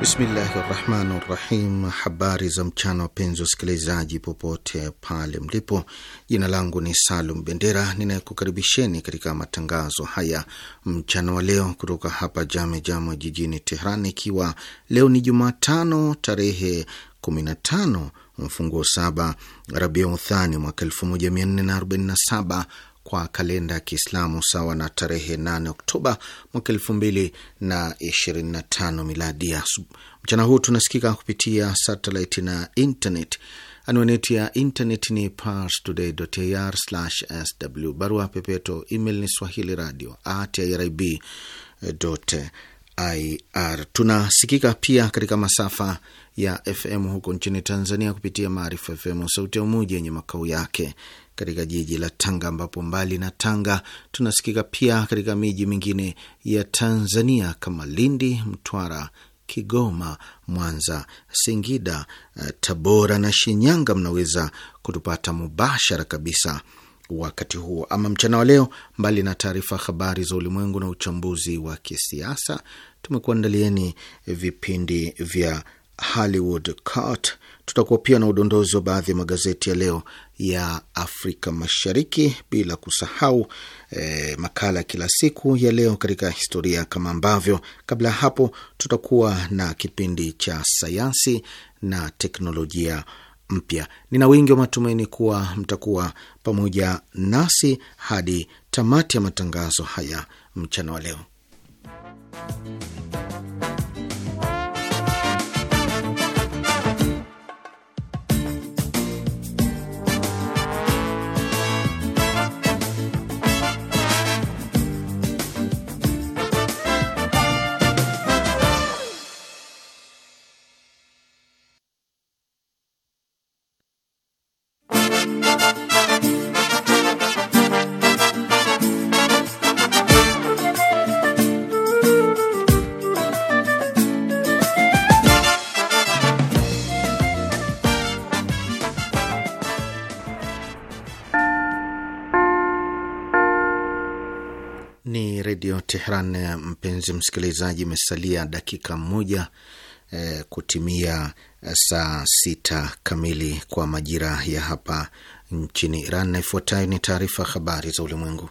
Bismillahi rahmani rahim. Habari za mchana, wapenzi wasikilizaji, popote pale mlipo. Jina langu ni Salum Bendera, ninayekukaribisheni katika matangazo haya mchana wa leo kutoka hapa Jame Jama jijini Tehran, ikiwa leo ni Jumatano tarehe 15 mfunguo saba Rabiu Uthani mwaka 1447 kwa kalenda ya Kiislamu sawa na tarehe 8 Oktoba mwaka 2025 miladia. Mchana huu tunasikika kupitia satelit na internet. Anwani ya internet ni parstoday.ir/sw, barua pepeto email ni swahili radio at irib.ir. Tunasikika pia katika masafa ya FM huko nchini Tanzania kupitia Maarifa FM sauti ya Umoja yenye makao yake katika jiji la Tanga, ambapo mbali na Tanga tunasikika pia katika miji mingine ya Tanzania kama Lindi, Mtwara, Kigoma, Mwanza, Singida, eh, Tabora na Shinyanga. Mnaweza kutupata mubashara kabisa wakati huo ama mchana wa leo. Mbali na taarifa habari za ulimwengu na uchambuzi wa kisiasa, tumekuandalieni vipindi vya Hollywood Cart, tutakuwa pia na udondozi wa baadhi ya magazeti ya leo ya Afrika Mashariki, bila kusahau eh, makala ya kila siku ya leo katika historia, kama ambavyo kabla ya hapo tutakuwa na kipindi cha sayansi na teknolojia mpya. Nina wingi wa matumaini kuwa mtakuwa pamoja nasi hadi tamati ya matangazo haya mchana wa leo. shukran eh, mpenzi msikilizaji, imesalia dakika moja eh, kutimia eh, saa sita kamili kwa majira ya hapa nchini Iran, na ifuatayo ni taarifa habari za ulimwengu.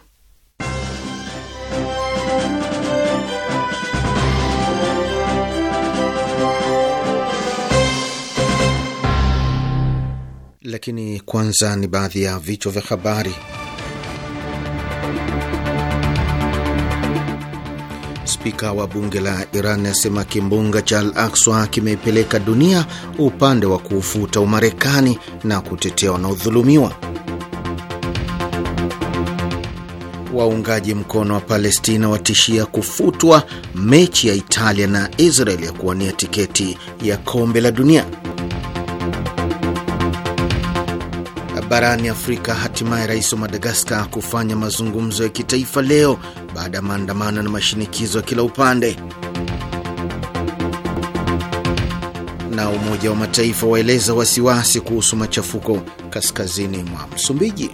Lakini kwanza ni baadhi ya vichwa vya habari. Spika wa bunge la Iran asema kimbunga cha Al Akswa kimeipeleka dunia upande wa kuufuta Umarekani na kutetea wanaodhulumiwa. Waungaji mkono wa Palestina watishia kufutwa mechi ya Italia na Israel ya kuwania tiketi ya kombe la dunia. barani Afrika. Hatimaye rais wa Madagaskar kufanya mazungumzo ya kitaifa leo baada ya maandamano na mashinikizo ya kila upande. Na Umoja wa Mataifa waeleza wasiwasi kuhusu machafuko kaskazini mwa Msumbiji.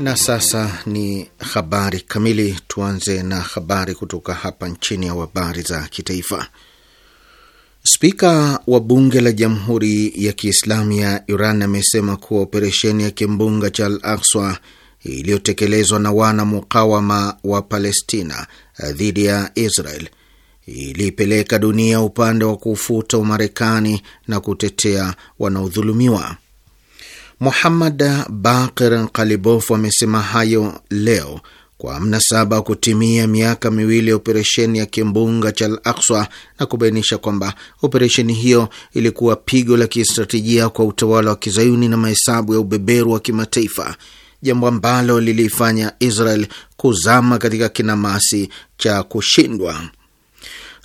Na sasa ni habari kamili. Tuanze na habari kutoka hapa nchini au habari za kitaifa. Spika wa bunge la Jamhuri ya Kiislamu ya Iran amesema kuwa operesheni ya kimbunga cha Al Akswa iliyotekelezwa na wana mukawama wa Palestina dhidi ya Israel iliipeleka dunia upande wa kufuta Umarekani na kutetea wanaodhulumiwa. Muhammad Bakir Kalibof amesema hayo leo kwa mnasaba wa kutimia miaka miwili ya operesheni ya kimbunga cha Al Akswa na kubainisha kwamba operesheni hiyo ilikuwa pigo la kistratejia kwa utawala wa kizayuni na mahesabu ya ubeberu wa kimataifa, jambo ambalo liliifanya Israel kuzama katika kinamasi cha kushindwa.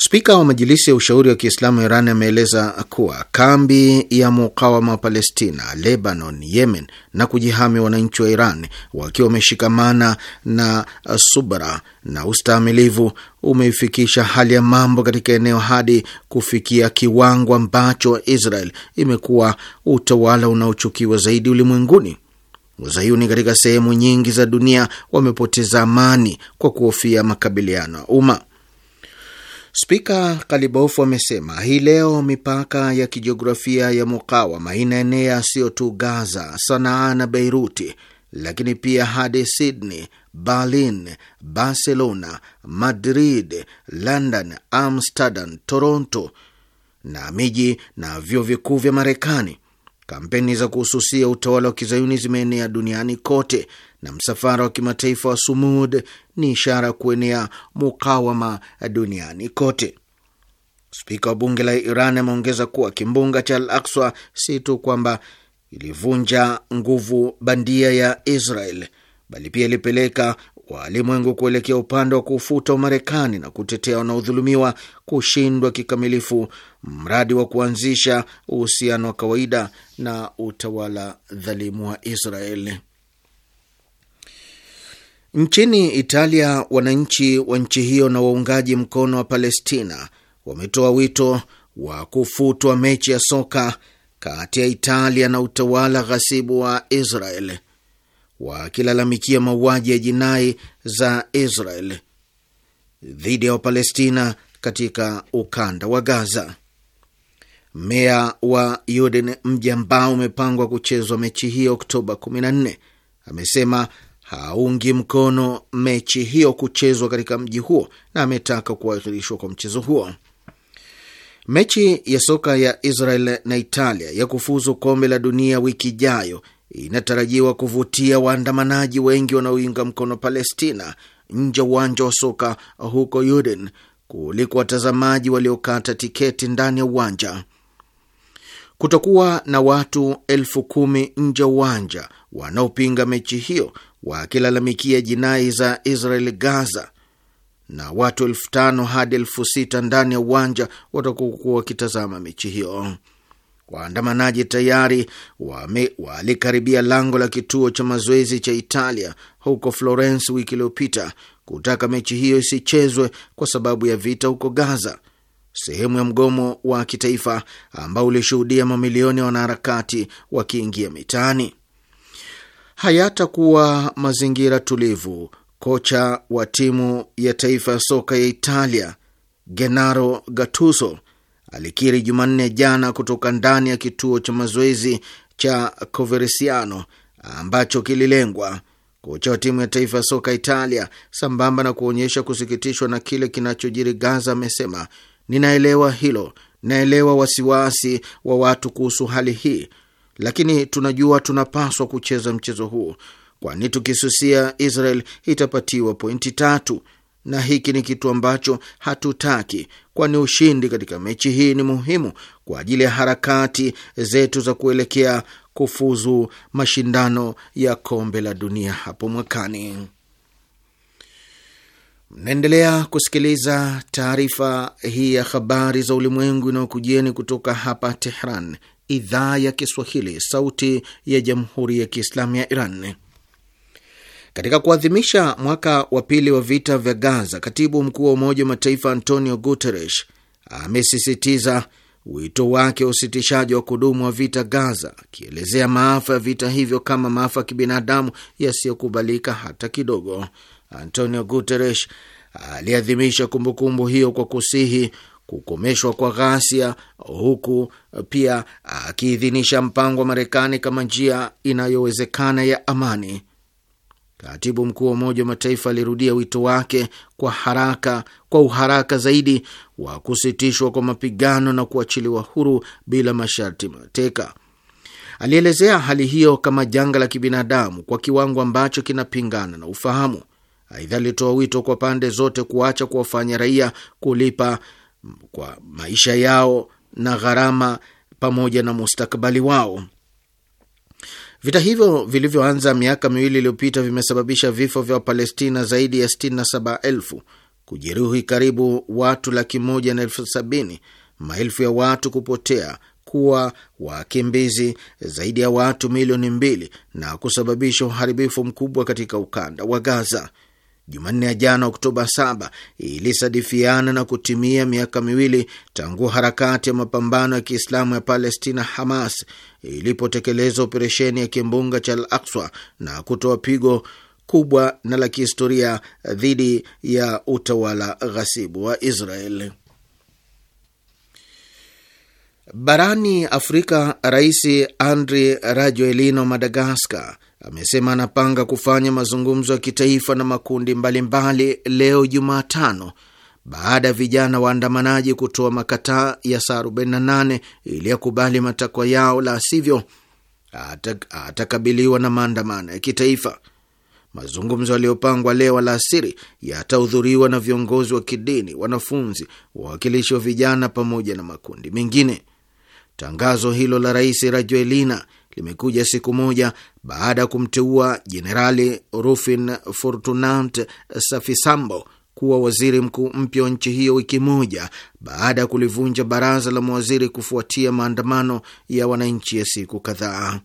Spika wa Majilisi ya Ushauri wa Kiislamu Iran ameeleza kuwa kambi ya mukawama wa Palestina, Lebanon, Yemen na kujihami wananchi wa Iran wakiwa wameshikamana na subra na ustaamilivu umeifikisha hali ya mambo katika eneo hadi kufikia kiwango ambacho Israel imekuwa utawala unaochukiwa zaidi ulimwenguni. Wazayuni katika sehemu nyingi za dunia wamepoteza amani kwa kuhofia makabiliano ya umma. Spika Kalibofu amesema hii leo mipaka ya kijiografia ya mukawama inaenea sio tu Gaza, Sanaa na Beiruti, lakini pia hadi Sydney, Berlin, Barcelona, Madrid, London, Amsterdam, Toronto na miji na vyuo vikuu vya Marekani. Kampeni za kuhususia utawala wa kizayuni zimeenea duniani kote na msafara wa kimataifa wa Sumud ni ishara ya kuenea mukawama duniani kote. Spika wa bunge la Iran ameongeza kuwa kimbunga cha Al Akswa si tu kwamba ilivunja nguvu bandia ya Israel bali pia ilipeleka walimwengu kuelekea upande wa kuufuta Umarekani na kutetea wanaodhulumiwa kushindwa kikamilifu mradi wa kuanzisha uhusiano wa kawaida na utawala dhalimu wa Israeli. Nchini Italia, wananchi wa nchi hiyo na waungaji mkono wa Palestina wametoa wito wa kufutwa mechi ya soka kati ya Italia na utawala ghasibu wa Israel, wakilalamikia mauaji ya jinai za Israel dhidi ya Wapalestina katika ukanda wa Gaza. Meya wa Yuden, mji ambao umepangwa kuchezwa mechi hiyo Oktoba 14, amesema haungi mkono mechi hiyo kuchezwa katika mji huo na ametaka kuahirishwa kwa mchezo huo. Mechi ya soka ya Israel na Italia ya kufuzu kombe la dunia wiki ijayo inatarajiwa kuvutia waandamanaji wengi wanaoinga mkono Palestina nje uwanja wa soka huko Yudin kuliko watazamaji waliokata tiketi ndani ya uwanja kutokuwa na watu elfu kumi nje uwanja wanaopinga mechi hiyo wakilalamikia jinai za Israel Gaza, na watu elfu tano hadi elfu sita ndani ya uwanja watakuwa wakitazama mechi hiyo. Waandamanaji tayari walikaribia lango la kituo cha mazoezi cha Italia huko Florence wiki iliyopita kutaka mechi hiyo isichezwe kwa sababu ya vita huko Gaza sehemu ya mgomo wa kitaifa ambao ulishuhudia mamilioni ya wanaharakati wakiingia mitaani. Hayatakuwa mazingira tulivu. Kocha wa timu ya taifa ya soka ya Italia Gennaro Gattuso alikiri Jumanne jana kutoka ndani ya kituo cha mazoezi cha Coverciano ambacho kililengwa. Kocha wa timu ya taifa ya soka Italia, sambamba na kuonyesha kusikitishwa na kile kinachojiri Gaza, amesema Ninaelewa hilo, naelewa wasiwasi wa watu kuhusu hali hii, lakini tunajua tunapaswa kucheza mchezo huu, kwani tukisusia Israel itapatiwa pointi tatu, na hiki ni kitu ambacho hatutaki, kwani ushindi katika mechi hii ni muhimu kwa ajili ya harakati zetu za kuelekea kufuzu mashindano ya kombe la dunia hapo mwakani. Mnaendelea kusikiliza taarifa hii ya habari za ulimwengu inayokujieni kutoka hapa Tehran, idhaa ya Kiswahili, sauti ya jamhuri ya kiislamu ya Iran. Katika kuadhimisha mwaka wa pili wa vita vya Gaza, katibu mkuu wa Umoja wa Mataifa Antonio Guterres amesisitiza wito wake wa usitishaji wa kudumu wa vita Gaza, akielezea maafa ya vita hivyo kama maafa ya kibinadamu yasiyokubalika hata kidogo. Antonio Guterres aliadhimisha kumbukumbu hiyo kwa kusihi kukomeshwa kwa ghasia, huku pia akiidhinisha mpango wa Marekani kama njia inayowezekana ya amani. Katibu mkuu wa Umoja wa Mataifa alirudia wito wake kwa haraka, kwa uharaka zaidi wa kusitishwa kwa mapigano na kuachiliwa huru bila masharti mateka. Alielezea hali hiyo kama janga la kibinadamu kwa kiwango ambacho kinapingana na ufahamu. Aidha, alitoa wito kwa pande zote kuacha kuwafanya raia kulipa kwa maisha yao na gharama pamoja na mustakabali wao. Vita hivyo vilivyoanza miaka miwili iliyopita vimesababisha vifo vya Wapalestina zaidi ya 67,000, kujeruhi karibu watu laki moja na elfu sabini, maelfu ya watu kupotea kuwa wakimbizi, zaidi ya watu milioni mbili, na kusababisha uharibifu mkubwa katika ukanda wa Gaza. Jumanne ya jana Oktoba 7 ilisadifiana na kutimia miaka miwili tangu harakati ya mapambano ya Kiislamu ya Palestina Hamas ilipotekeleza operesheni ya kimbunga cha al akswa na kutoa pigo kubwa na la kihistoria dhidi ya utawala ghasibu wa Israeli. Barani Afrika, Rais Andry Rajoelina wa Madagaskar amesema anapanga kufanya mazungumzo ya kitaifa na makundi mbalimbali mbali leo Jumatano baada ya vijana waandamanaji kutoa makataa ya saa 48 ili yakubali matakwa yao, la sivyo atakabiliwa na maandamano ya kitaifa. Mazungumzo yaliyopangwa leo alasiri yatahudhuriwa na viongozi wa kidini, wanafunzi, wawakilishi wa vijana pamoja na makundi mengine. Tangazo hilo la Rais Rajoelina limekuja siku moja baada ya kumteua Jenerali Rufin Fortunat Safisambo kuwa waziri mkuu mpya wa nchi hiyo wiki moja baada ya kulivunja baraza la mawaziri kufuatia maandamano ya wananchi ya siku kadhaa.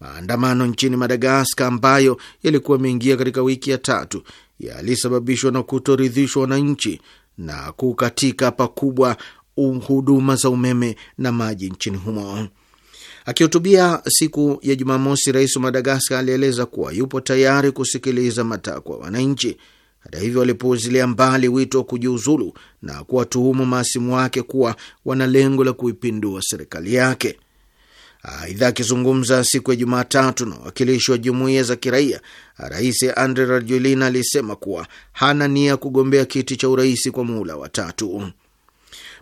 Maandamano nchini Madagaskar ambayo yalikuwa yameingia katika wiki ya tatu yalisababishwa na kutoridhishwa wananchi na kukatika pakubwa huduma za umeme na maji nchini humo. Akihutubia siku ya Jumamosi, rais wa Madagaskar alieleza kuwa yupo tayari kusikiliza matakwa ya wananchi. Hata hivyo, alipuuzilia mbali wito wa kujiuzulu na kuwatuhumu maasimu wake kuwa wana lengo la kuipindua serikali yake. Aidha, akizungumza siku ya Jumatatu na wawakilishi wa jumuiya za kiraia, rais Andre Rajoelina alisema kuwa hana nia ya kugombea kiti cha urais kwa muhula wa tatu.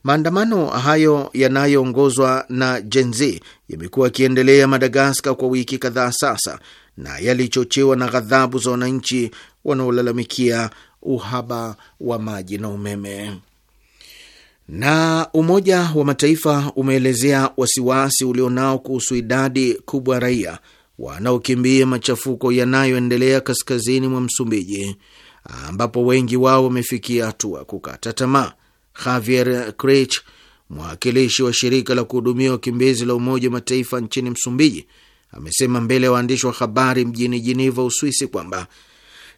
Maandamano hayo yanayoongozwa na Gen Z yamekuwa yakiendelea Madagaskar kwa wiki kadhaa sasa na yalichochewa na ghadhabu za wananchi wanaolalamikia uhaba wa maji na umeme. Na Umoja wa Mataifa umeelezea wasiwasi ulionao kuhusu idadi kubwa raia wanaokimbia machafuko yanayoendelea kaskazini mwa Msumbiji, ambapo wengi wao wamefikia hatua kukata tamaa. Javier Crich, mwakilishi wa shirika la kuhudumia wakimbizi la Umoja wa Mataifa nchini Msumbiji, amesema mbele ya waandishi wa habari mjini Jiniva, Uswisi, kwamba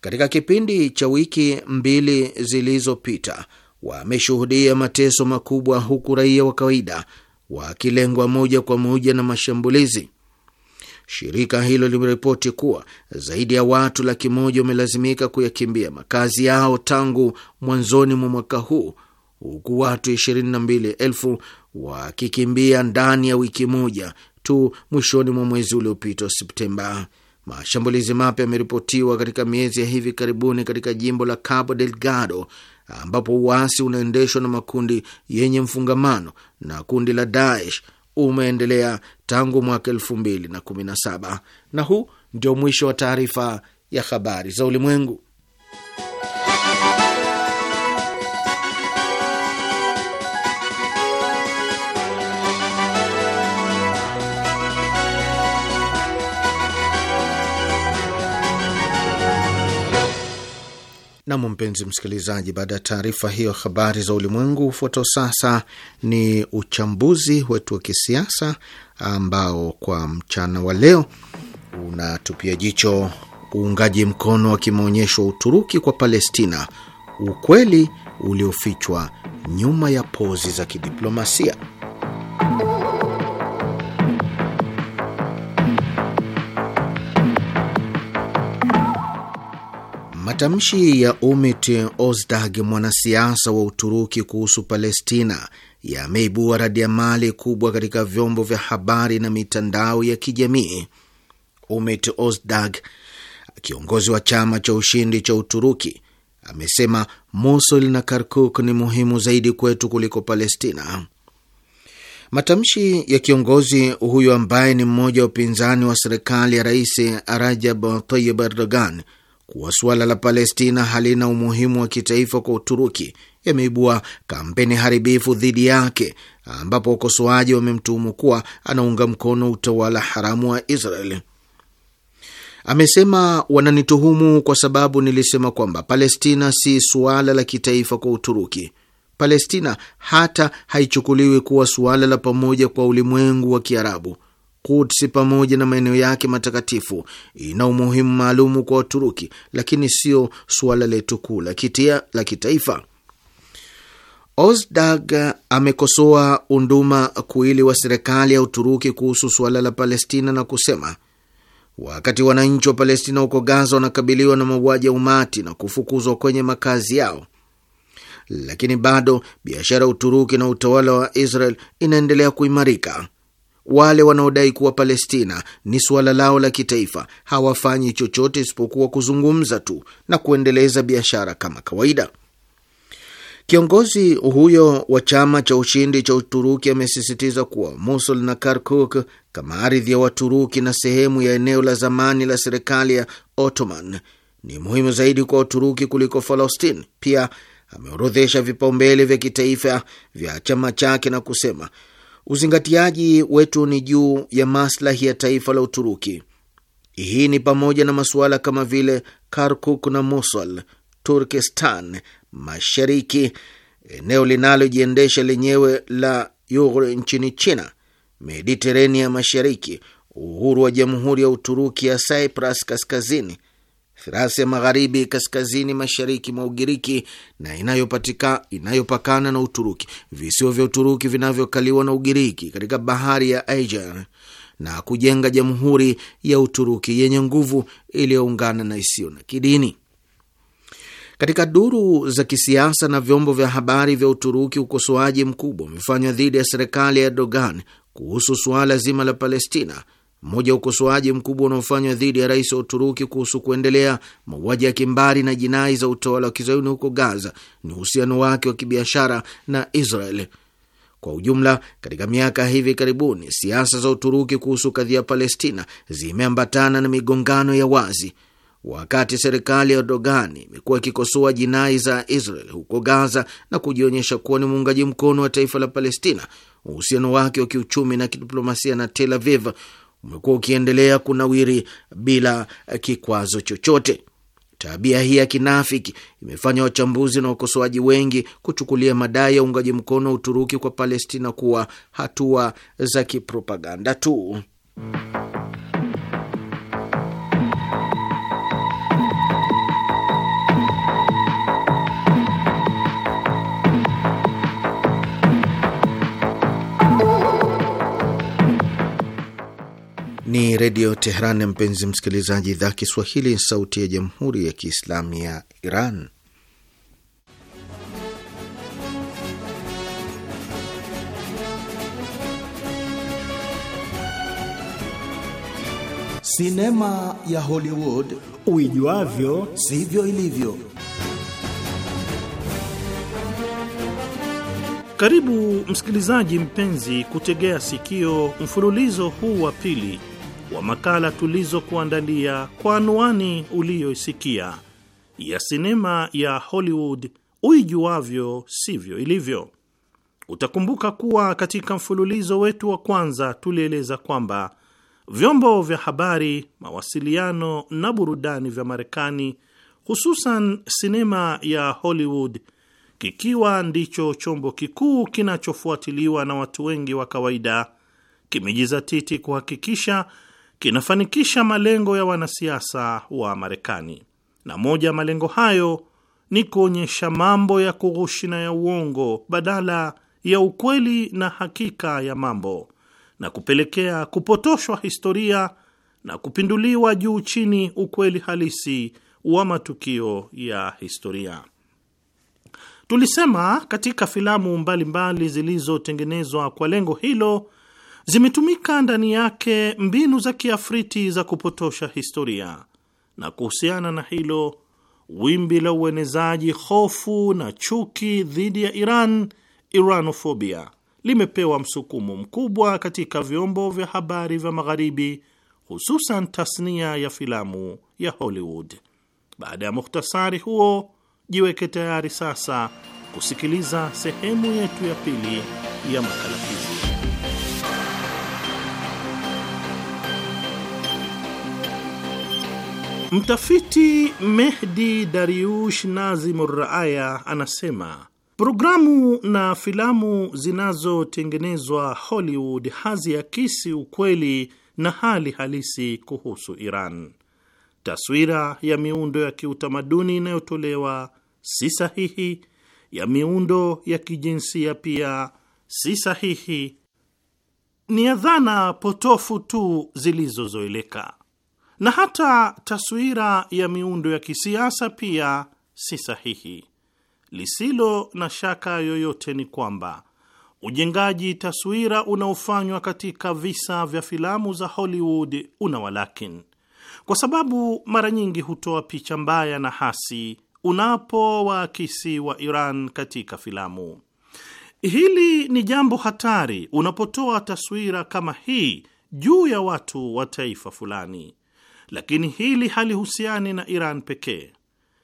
katika kipindi cha wiki mbili zilizopita wameshuhudia mateso makubwa, huku raia wa kawaida wakilengwa moja kwa moja na mashambulizi. Shirika hilo limeripoti kuwa zaidi ya watu laki moja wamelazimika kuyakimbia makazi yao tangu mwanzoni mwa mwaka huu huku watu ishirini na mbili elfu wakikimbia ndani ya wiki moja tu mwishoni mwa mwezi uliopita Septemba. Mashambulizi mapya yameripotiwa katika miezi ya hivi karibuni katika jimbo la Cabo Delgado ambapo uasi unaendeshwa na makundi yenye mfungamano na kundi la Daesh umeendelea tangu mwaka elfu mbili na kumi na saba. Na huu ndio mwisho wa taarifa ya habari za ulimwengu. Nam, mpenzi msikilizaji, baada ya taarifa hiyo habari za ulimwengu, hufuatao sasa ni uchambuzi wetu wa kisiasa ambao kwa mchana wa leo unatupia jicho uungaji mkono wa kimaonyesho wa Uturuki kwa Palestina, ukweli uliofichwa nyuma ya pozi za kidiplomasia. Matamshi ya Umit Ozdag, mwanasiasa wa Uturuki, kuhusu Palestina yameibua radiamali kubwa katika vyombo vya habari na mitandao ya kijamii. Umit Ozdag, kiongozi wa chama cha ushindi cha Uturuki, amesema Mosul na Kirkuk ni muhimu zaidi kwetu kuliko Palestina. Matamshi ya kiongozi huyo ambaye ni mmoja wa upinzani wa serikali ya Rais Rajab Tayyip Erdogan kuwa suala la Palestina halina umuhimu wa kitaifa kwa Uturuki yameibua kampeni haribifu dhidi yake, ambapo wakosoaji wamemtuhumu kuwa anaunga mkono utawala haramu wa Israeli. Amesema wananituhumu kwa sababu nilisema kwamba Palestina si suala la kitaifa kwa Uturuki. Palestina hata haichukuliwi kuwa suala la pamoja kwa ulimwengu wa Kiarabu. Kutsi pamoja na maeneo yake matakatifu ina umuhimu maalumu kwa Waturuki, lakini sio suala letu kuu la kitaifa. Ozdag amekosoa unduma kuili wa serikali ya Uturuki kuhusu suala la Palestina na kusema wakati wananchi wa Palestina huko Gaza wanakabiliwa na mauaji ya umati na kufukuzwa kwenye makazi yao, lakini bado biashara ya Uturuki na utawala wa Israel inaendelea kuimarika. Wale wanaodai kuwa Palestina ni suala lao la kitaifa hawafanyi chochote isipokuwa kuzungumza tu na kuendeleza biashara kama kawaida. Kiongozi huyo wa chama cha ushindi cha Uturuki amesisitiza kuwa Mosul na Kirkuk kama ardhi ya Waturuki na sehemu ya eneo la zamani la serikali ya Ottoman ni muhimu zaidi kwa Waturuki kuliko Falastin. Pia ameorodhesha vipaumbele vya kitaifa vya chama chake na kusema Uzingatiaji wetu ni juu ya maslahi ya taifa la Uturuki. Hii ni pamoja na masuala kama vile Kirkuk na Mosul, Turkestan Mashariki, eneo linalojiendesha lenyewe la Uighur nchini China, Mediterania Mashariki, uhuru wa Jamhuri ya Uturuki ya Cyprus Kaskazini, Thirasi ya magharibi kaskazini mashariki mwa Ugiriki na inayopatika, inayopakana na Uturuki, visiwa vya Uturuki vinavyokaliwa na Ugiriki katika bahari ya Aegean na kujenga jamhuri ya Uturuki yenye nguvu iliyoungana na isiyo na kidini. Katika duru za kisiasa na vyombo vya habari vya Uturuki, ukosoaji mkubwa umefanywa dhidi ya serikali ya Erdogan kuhusu suala zima la Palestina mmoja wa ukosoaji mkubwa unaofanywa dhidi ya rais wa Uturuki kuhusu kuendelea mauaji ya kimbari na jinai za utawala wa kizayuni huko Gaza ni uhusiano wake wa kibiashara na Israel. Kwa ujumla, katika miaka hivi karibuni, siasa za Uturuki kuhusu kadhia Palestina zimeambatana na migongano ya wazi. Wakati serikali ya Erdogan imekuwa ikikosoa jinai za Israel huko Gaza na kujionyesha kuwa ni muungaji mkono wa taifa la Palestina, uhusiano wake wa kiuchumi na kidiplomasia na Tel Aviv umekuwa ukiendelea kunawiri bila kikwazo chochote. Tabia hii ya kinafiki imefanya wachambuzi na wakosoaji wengi kuchukulia madai ya uungaji mkono wa Uturuki kwa Palestina kuwa hatua za kipropaganda tu. Ni Redio teheran mpenzi msikilizaji, idhaa Kiswahili, sauti ya jamhuri ya kiislamu ya Iran. Sinema ya Hollywood uijuavyo sivyo ilivyo. Karibu msikilizaji mpenzi, kutegea sikio mfululizo huu wa pili wa makala tulizokuandalia kwa anwani uliyoisikia ya sinema ya Hollywood uijuavyo sivyo ilivyo. Utakumbuka kuwa katika mfululizo wetu wa kwanza tulieleza kwamba vyombo vya habari, mawasiliano na burudani vya Marekani, hususan sinema ya Hollywood, kikiwa ndicho chombo kikuu kinachofuatiliwa na watu wengi wa kawaida, kimejizatiti kuhakikisha kinafanikisha malengo ya wanasiasa wa Marekani, na moja ya malengo hayo ni kuonyesha mambo ya kughushi na ya uongo badala ya ukweli na hakika ya mambo na kupelekea kupotoshwa historia na kupinduliwa juu chini ukweli halisi wa matukio ya historia. Tulisema katika filamu mbalimbali zilizotengenezwa kwa lengo hilo zimetumika ndani yake mbinu za kiafriti za kupotosha historia, na kuhusiana na hilo wimbi la uenezaji hofu na chuki dhidi ya Iran, Iranofobia, limepewa msukumo mkubwa katika vyombo vya habari vya Magharibi, hususan tasnia ya filamu ya Hollywood. Baada ya muhtasari huo, jiweke tayari sasa kusikiliza sehemu yetu ya pili ya makala hii. Mtafiti Mehdi Dariush Nazimur Raaya anasema programu na filamu zinazotengenezwa Hollywood haziakisi ukweli na hali halisi kuhusu Iran. Taswira ya miundo ya kiutamaduni inayotolewa si sahihi, ya miundo ya kijinsia pia si sahihi, ni ya dhana potofu tu zilizozoeleka na hata taswira ya miundo ya kisiasa pia si sahihi. Lisilo na shaka yoyote ni kwamba ujengaji taswira unaofanywa katika visa vya filamu za Hollywood una walakin, kwa sababu mara nyingi hutoa picha mbaya na hasi unapowaakisi wa Iran katika filamu. Hili ni jambo hatari unapotoa taswira kama hii juu ya watu wa taifa fulani lakini hili halihusiani na Iran pekee.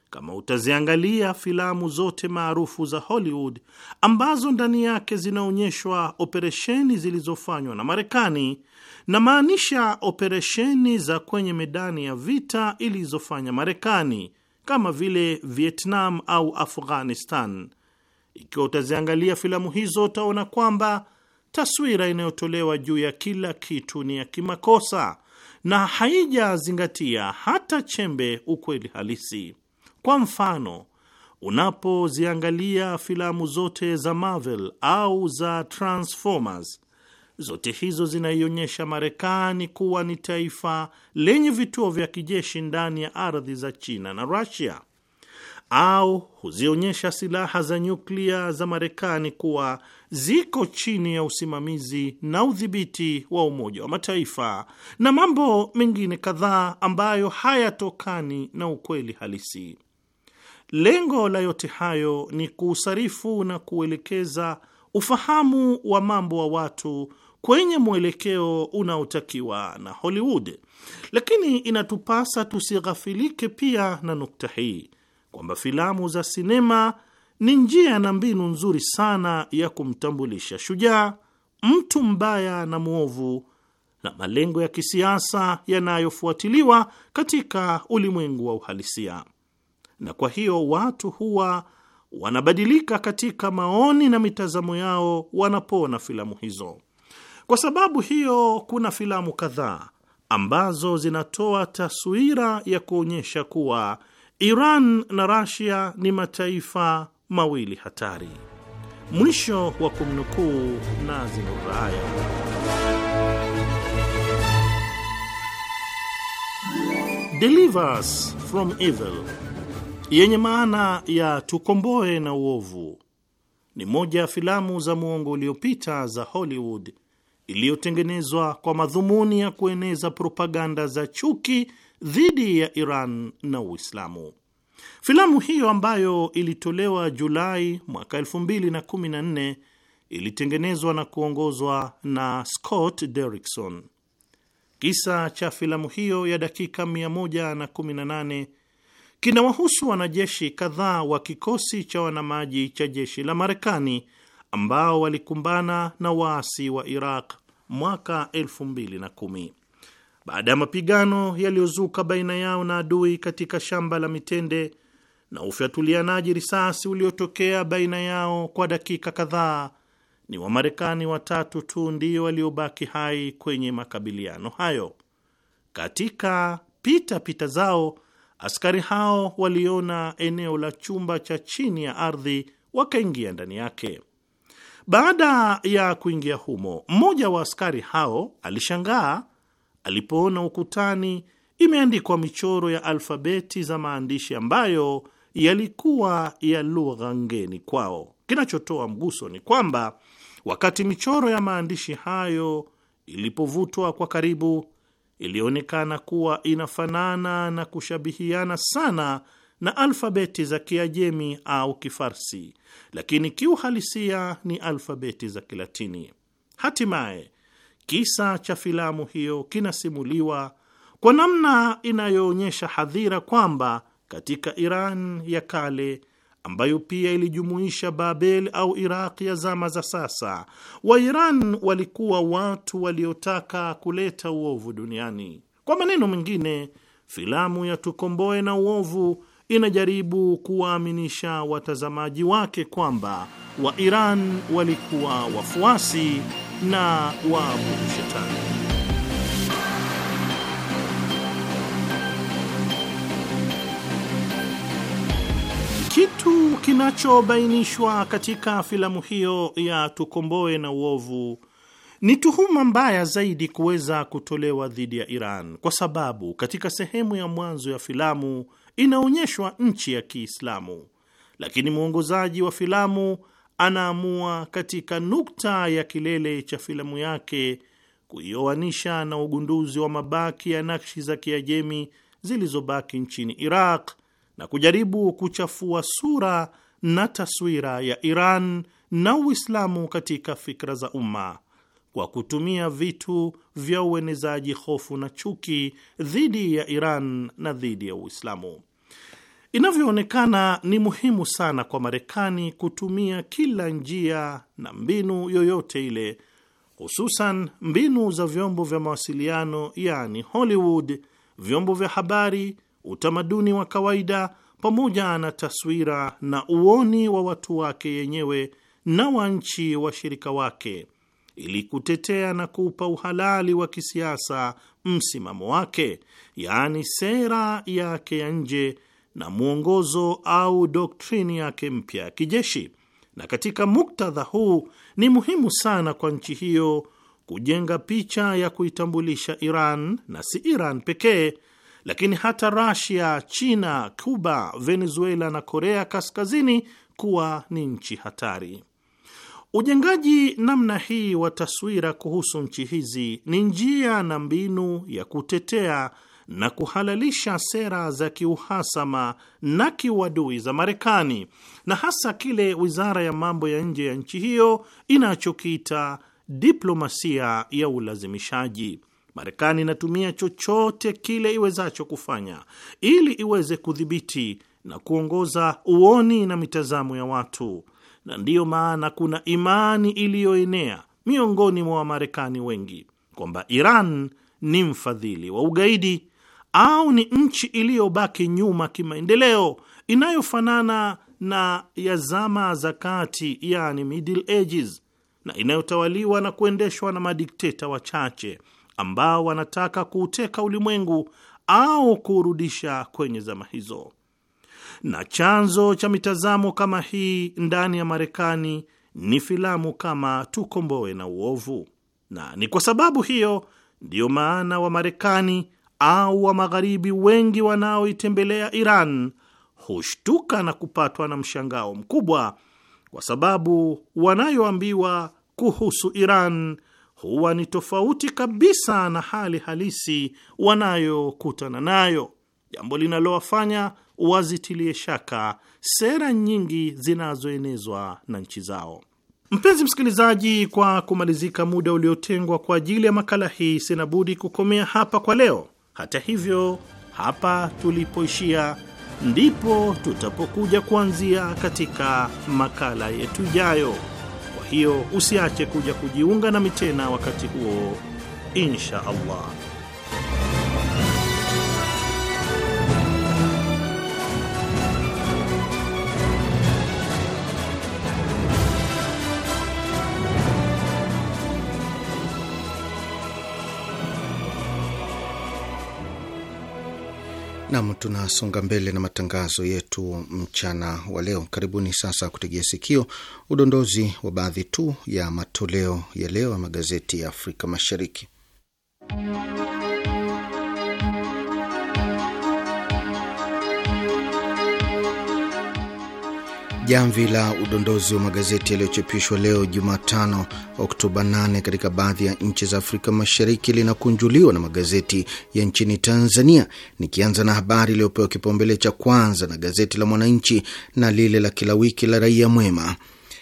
Kama utaziangalia filamu zote maarufu za Hollywood ambazo ndani yake zinaonyeshwa operesheni zilizofanywa na Marekani, na maanisha operesheni za kwenye medani ya vita ilizofanya Marekani kama vile Vietnam au Afghanistan. Ikiwa utaziangalia filamu hizo, utaona kwamba taswira inayotolewa juu ya kila kitu ni ya kimakosa na haijazingatia hata chembe ukweli halisi. Kwa mfano, unapoziangalia filamu zote za Marvel au za Transformers, zote hizo zinaionyesha Marekani kuwa ni taifa lenye vituo vya kijeshi ndani ya ardhi za China na Russia, au huzionyesha silaha za nyuklia za Marekani kuwa ziko chini ya usimamizi na udhibiti wa Umoja wa Mataifa na mambo mengine kadhaa ambayo hayatokani na ukweli halisi. Lengo la yote hayo ni kuusarifu na kuelekeza ufahamu wa mambo wa watu kwenye mwelekeo unaotakiwa na Hollywood. Lakini inatupasa tusighafilike pia na nukta hii kwamba filamu za sinema ni njia na mbinu nzuri sana ya kumtambulisha shujaa, mtu mbaya na mwovu, na malengo ya kisiasa yanayofuatiliwa katika ulimwengu wa uhalisia. Na kwa hiyo watu huwa wanabadilika katika maoni na mitazamo yao wanapoona filamu hizo. Kwa sababu hiyo, kuna filamu kadhaa ambazo zinatoa taswira ya kuonyesha kuwa Iran na Russia ni mataifa mawili hatari. Mwisho wa kumnukuu Nazinur Raaya. from evil yenye maana ya tukomboe na uovu ni moja ya filamu za muongo uliopita za Hollywood iliyotengenezwa kwa madhumuni ya kueneza propaganda za chuki dhidi ya Iran na Uislamu. Filamu hiyo ambayo ilitolewa Julai mwaka 2014 ilitengenezwa na kuongozwa na Scott Derrickson. Kisa cha filamu hiyo ya dakika 118 kinawahusu wanajeshi kadhaa wa kikosi cha wanamaji cha jeshi la Marekani ambao walikumbana na waasi wa Iraq mwaka 2010 baada ya mapigano yaliyozuka baina yao na adui katika shamba la mitende na ufyatulianaji risasi uliotokea baina yao kwa dakika kadhaa, ni Wamarekani watatu tu ndio waliobaki hai kwenye makabiliano hayo. Katika pita pita zao, askari hao waliona eneo la chumba cha chini ya ardhi, wakaingia ndani yake. Baada ya kuingia humo, mmoja wa askari hao alishangaa alipoona ukutani imeandikwa michoro ya alfabeti za maandishi ambayo yalikuwa ya lugha ngeni kwao. Kinachotoa mguso ni kwamba wakati michoro ya maandishi hayo ilipovutwa kwa karibu, ilionekana kuwa inafanana na kushabihiana sana na alfabeti za Kiajemi au Kifarsi, lakini kiuhalisia ni alfabeti za Kilatini. Hatimaye Kisa cha filamu hiyo kinasimuliwa kwa namna inayoonyesha hadhira kwamba katika Iran ya kale ambayo pia ilijumuisha Babel au Iraq ya zama za sasa, Wairan walikuwa watu waliotaka kuleta uovu duniani. Kwa maneno mengine, filamu ya Tukomboe na Uovu inajaribu kuwaaminisha watazamaji wake kwamba wa Iran walikuwa wafuasi na waabudu shetani. Kitu kinachobainishwa katika filamu hiyo ya Tukomboe na Uovu ni tuhuma mbaya zaidi kuweza kutolewa dhidi ya Iran, kwa sababu katika sehemu ya mwanzo ya filamu inaonyeshwa nchi ya Kiislamu, lakini mwongozaji wa filamu anaamua katika nukta ya kilele cha filamu yake kuioanisha na ugunduzi wa mabaki ya nakshi za Kiajemi zilizobaki nchini Iraq na kujaribu kuchafua sura na taswira ya Iran na Uislamu katika fikra za umma kwa kutumia vitu vya uenezaji hofu na chuki dhidi ya Iran na dhidi ya Uislamu. Inavyoonekana ni muhimu sana kwa Marekani kutumia kila njia na mbinu yoyote ile, hususan mbinu za vyombo vya mawasiliano, yaani Hollywood, vyombo vya habari, utamaduni wa kawaida, pamoja na taswira na uoni wa watu wake yenyewe na wa nchi washirika wake, ili kutetea na kuupa uhalali wa kisiasa msimamo wake, yaani sera yake ya nje na mwongozo au doktrini yake mpya ya kijeshi. Na katika muktadha huu ni muhimu sana kwa nchi hiyo kujenga picha ya kuitambulisha Iran na si Iran pekee, lakini hata rasia China, Cuba, Venezuela na Korea Kaskazini kuwa ni nchi hatari. Ujengaji namna hii wa taswira kuhusu nchi hizi ni njia na mbinu ya kutetea na kuhalalisha sera za kiuhasama na kiuadui za Marekani na hasa kile wizara ya mambo ya nje ya nchi hiyo inachokiita diplomasia ya ulazimishaji. Marekani inatumia chochote kile iwezacho kufanya ili iweze kudhibiti na kuongoza uoni na mitazamo ya watu, na ndiyo maana kuna imani iliyoenea miongoni mwa Wamarekani wengi kwamba Iran ni mfadhili wa ugaidi au ni nchi iliyobaki nyuma kimaendeleo inayofanana na ya zama za kati, yani Middle Ages, na inayotawaliwa na kuendeshwa na madikteta wachache ambao wanataka kuuteka ulimwengu au kuurudisha kwenye zama hizo. Na chanzo cha mitazamo kama hii ndani ya Marekani ni filamu kama Tukomboe na Uovu, na ni kwa sababu hiyo ndiyo maana wa marekani au wa magharibi wengi wanaoitembelea Iran hushtuka na kupatwa na mshangao mkubwa, kwa sababu wanayoambiwa kuhusu Iran huwa ni tofauti kabisa na hali halisi wanayokutana nayo, jambo linalowafanya wazitilie shaka sera nyingi zinazoenezwa na nchi zao. Mpenzi msikilizaji, kwa kumalizika muda uliotengwa kwa ajili ya makala hii, sina budi kukomea hapa kwa leo. Hata hivyo, hapa tulipoishia ndipo tutapokuja kuanzia katika makala yetu ijayo. Kwa hiyo usiache kuja kujiunga nami tena wakati huo, insha Allah. Nam, tunasonga mbele na matangazo yetu mchana wa leo. Karibuni sasa kutegea sikio udondozi wa baadhi tu ya matoleo ya leo ya magazeti ya Afrika Mashariki. Jamvi la udondozi wa magazeti yaliyochapishwa leo Jumatano, Oktoba 8 katika baadhi ya nchi za Afrika Mashariki linakunjuliwa na magazeti ya nchini Tanzania, nikianza na habari iliyopewa kipaumbele cha kwanza na gazeti la Mwananchi na lile la kila wiki la Raia Mwema.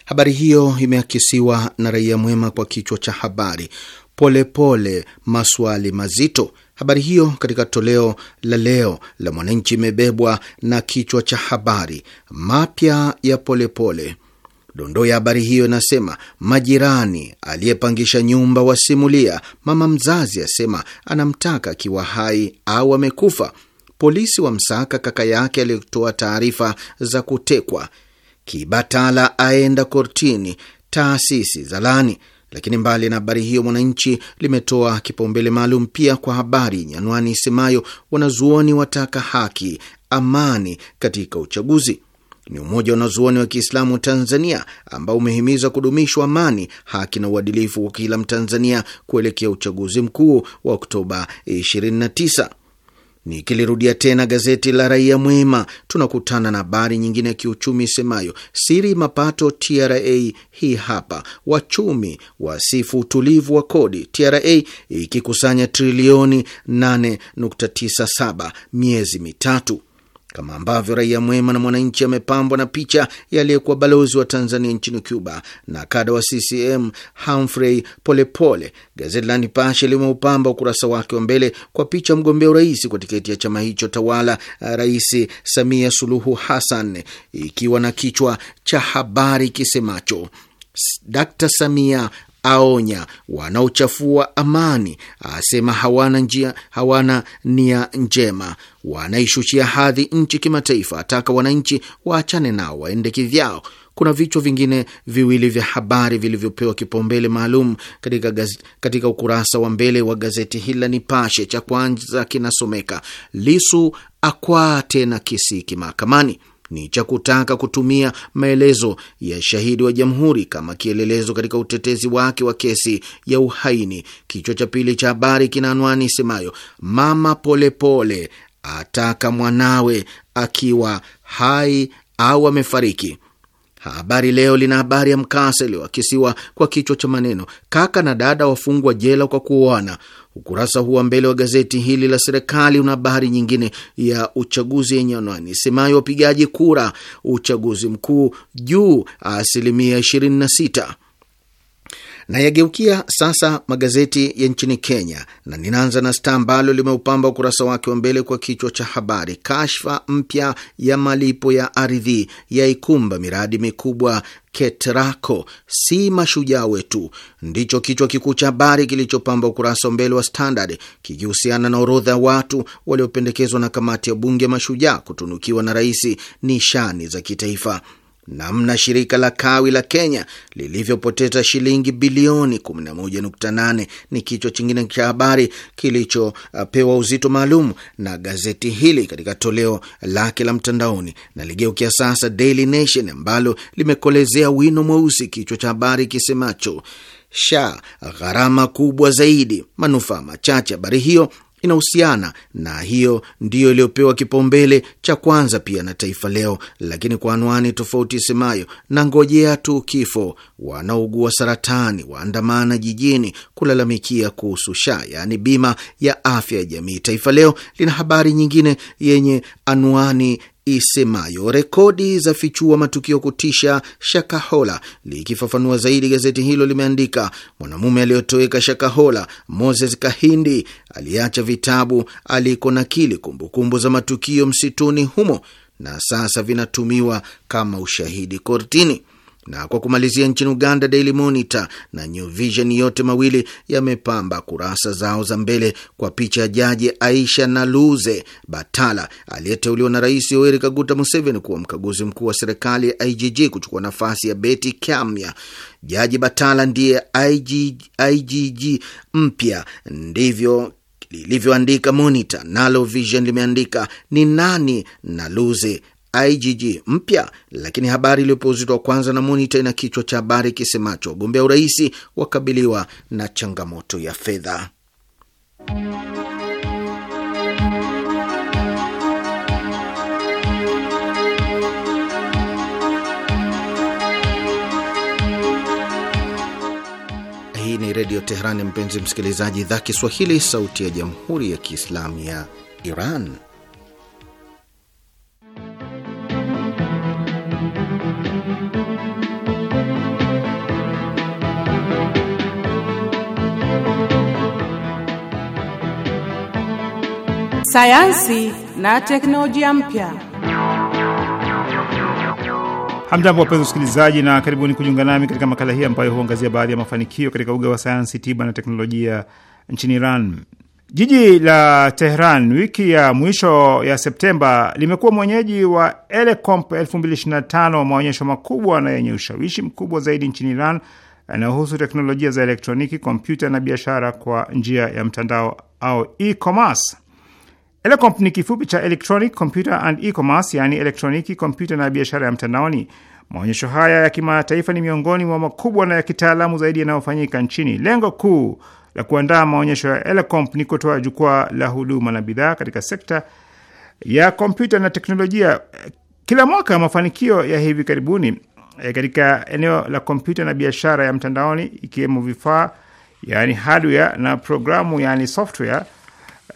Habari hiyo imeakisiwa na Raia Mwema kwa kichwa cha habari, polepole pole maswali mazito Habari hiyo katika toleo la leo la Mwananchi imebebwa na kichwa cha habari mapya ya Polepole. Dondoo ya habari hiyo inasema majirani, aliyepangisha nyumba wasimulia, mama mzazi asema anamtaka akiwa hai au amekufa, polisi wamsaka kaka yake aliyetoa taarifa za kutekwa, Kibatala aenda kortini, taasisi za lani lakini mbali na habari hiyo, Mwananchi limetoa kipaumbele maalum pia kwa habari yenye anwani isemayo wanazuoni wataka haki, amani katika uchaguzi. Ni umoja wanazuoni wa Kiislamu Tanzania ambao umehimiza kudumishwa amani, haki na uadilifu kwa kila Mtanzania kuelekea uchaguzi mkuu wa Oktoba 29. Nikilirudia tena gazeti la Raia Mwema, tunakutana na habari nyingine ya kiuchumi isemayo siri mapato TRA. Hii hapa, wachumi wasifu utulivu wa kodi, TRA ikikusanya trilioni 8.97 miezi mitatu kama ambavyo raia mwema na mwananchi amepambwa na picha ya aliyekuwa balozi wa Tanzania nchini Cuba na kada wa CCM Humphrey Polepole. Gazeti la Nipashe limeupamba ukurasa wake wa mbele kwa picha mgombea urais kwa tiketi ya chama hicho tawala, eh, Rais Samia Suluhu Hassan, ikiwa na kichwa cha habari kisemacho Dkt Samia aonya wanaochafua amani, asema hawana njia, hawana nia njema, wanaishushia hadhi nchi kimataifa, ataka wananchi waachane nao waende kivyao. Kuna vichwa vingine viwili vya habari vilivyopewa kipaumbele maalum katika, katika ukurasa wa mbele wa gazeti hili la Nipashe. Cha kwanza kinasomeka Lisu akwaa tena kisiki mahakamani ni cha kutaka kutumia maelezo ya shahidi wa jamhuri kama kielelezo katika utetezi wake wa kesi ya uhaini. Kichwa cha pili cha habari kina anwani isemayo mama polepole pole ataka mwanawe akiwa hai au amefariki. Habari Leo lina habari ya mkasa iliyoakisiwa kwa kichwa cha maneno kaka na dada wafungwa jela kwa kuoana, Ukurasa huu wa mbele wa gazeti hili la serikali una habari nyingine ya uchaguzi yenye anwani isemayo wapigaji kura uchaguzi mkuu juu asilimia 26. Nayageukia sasa magazeti ya nchini Kenya na ninaanza na Star ambalo limeupamba ukurasa wake wa mbele kwa kichwa cha habari, kashfa mpya ya malipo ya ardhi yaikumba miradi mikubwa KETRACO, si mashujaa wetu, ndicho kichwa kikuu cha habari kilichopamba ukurasa wa mbele wa Standard kikihusiana na orodha ya watu waliopendekezwa na kamati ya bunge ya mashujaa kutunukiwa na rais nishani za kitaifa namna shirika la kawi la Kenya lilivyopoteza shilingi bilioni 11.8 ni kichwa chingine cha habari kilichopewa uzito maalum na gazeti hili katika toleo lake la mtandaoni. Na ligeukia sasa Daily Nation ambalo limekolezea wino mweusi kichwa cha habari kisemacho sha gharama kubwa zaidi, manufaa machache. Habari hiyo inahusiana na hiyo, ndiyo iliyopewa kipaumbele cha kwanza pia na Taifa Leo, lakini kwa anwani tofauti isemayo, na ngojea tu kifo, wanaougua saratani waandamana jijini kulalamikia kuhusu SHA, yaani bima ya afya ya jamii. Taifa Leo lina habari nyingine yenye anwani isemayo rekodi za fichua matukio kutisha Shakahola. Likifafanua zaidi, gazeti hilo limeandika mwanamume aliyotoweka Shakahola, Moses Kahindi, aliacha vitabu aliko nakili kumbukumbu za matukio msituni humo na sasa vinatumiwa kama ushahidi kortini. Na kwa kumalizia, nchini Uganda, Daily Monitor na New Vision yote mawili yamepamba kurasa zao za mbele kwa picha ya Jaji Aisha Naluze Batala aliyeteuliwa na Rais Yoweri Kaguta Museveni kuwa mkaguzi mkuu wa serikali ya IGG kuchukua nafasi ya Betty Kamya. Jaji Batala ndiye IGG, IGG mpya, ndivyo lilivyoandika Monitor. Nalo Vision limeandika ni nani Naluze IGG mpya, lakini habari iliyopewa uzito wa kwanza na Monita ina kichwa cha habari kisemacho wagombea urais wakabiliwa na changamoto ya fedha. Hii ni Redio Teherani, mpenzi msikilizaji, idhaa Kiswahili, sauti ya Jamhuri ya Kiislamu ya Iran. sayansi na teknolojia mpya. Hamjambo wapenzi usikilizaji na karibuni kujiunga nami katika makala hii ambayo huangazia baadhi ya mafanikio katika uga wa sayansi tiba na teknolojia nchini Iran. Jiji la Tehran wiki ya mwisho ya Septemba limekuwa mwenyeji wa Elecomp 2025, maonyesho makubwa na yenye ushawishi mkubwa zaidi nchini Iran yanayohusu teknolojia za elektroniki, kompyuta na biashara kwa njia ya mtandao au e-commerce. ELECOMP ni kifupi cha Electronic Computer and E-commerce, yani elektroniki, kompyuta na biashara ya mtandaoni. Maonyesho haya ya kimataifa ni miongoni mwa makubwa na ya kitaalamu zaidi yanayofanyika nchini. Lengo kuu la kuandaa maonyesho ya ELECOMP ni kutoa jukwaa la huduma na bidhaa katika sekta ya kompyuta na teknolojia. Kila mwaka mafanikio ya hivi karibuni eh, katika eneo la kompyuta na biashara ya mtandaoni, ikiwemo vifaa yani hardware na programu yani software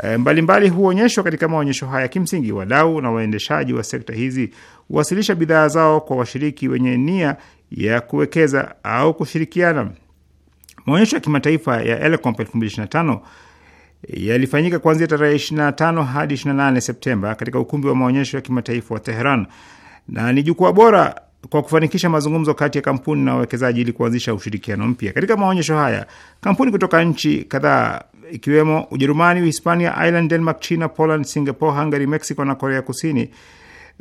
Eh, mbalimbali huonyeshwa katika maonyesho haya. Kimsingi, wadau na waendeshaji wa sekta hizi huwasilisha bidhaa zao kwa washiriki wenye nia ya kuwekeza au kushirikiana. Maonyesho ya kimataifa ya Elecomp 2025 yalifanyika kuanzia tarehe 25 hadi 28 Septemba katika ukumbi wa maonyesho ya kimataifa wa Teheran na ni jukwaa bora kwa kufanikisha mazungumzo kati ya kampuni na wawekezaji ili kuanzisha ushirikiano mpya. Katika maonyesho haya, kampuni kutoka nchi kadhaa ikiwemo Ujerumani, Uhispania, Ireland, Denmark, China, Poland, Singapore, Hungary, Mexico na Korea Kusini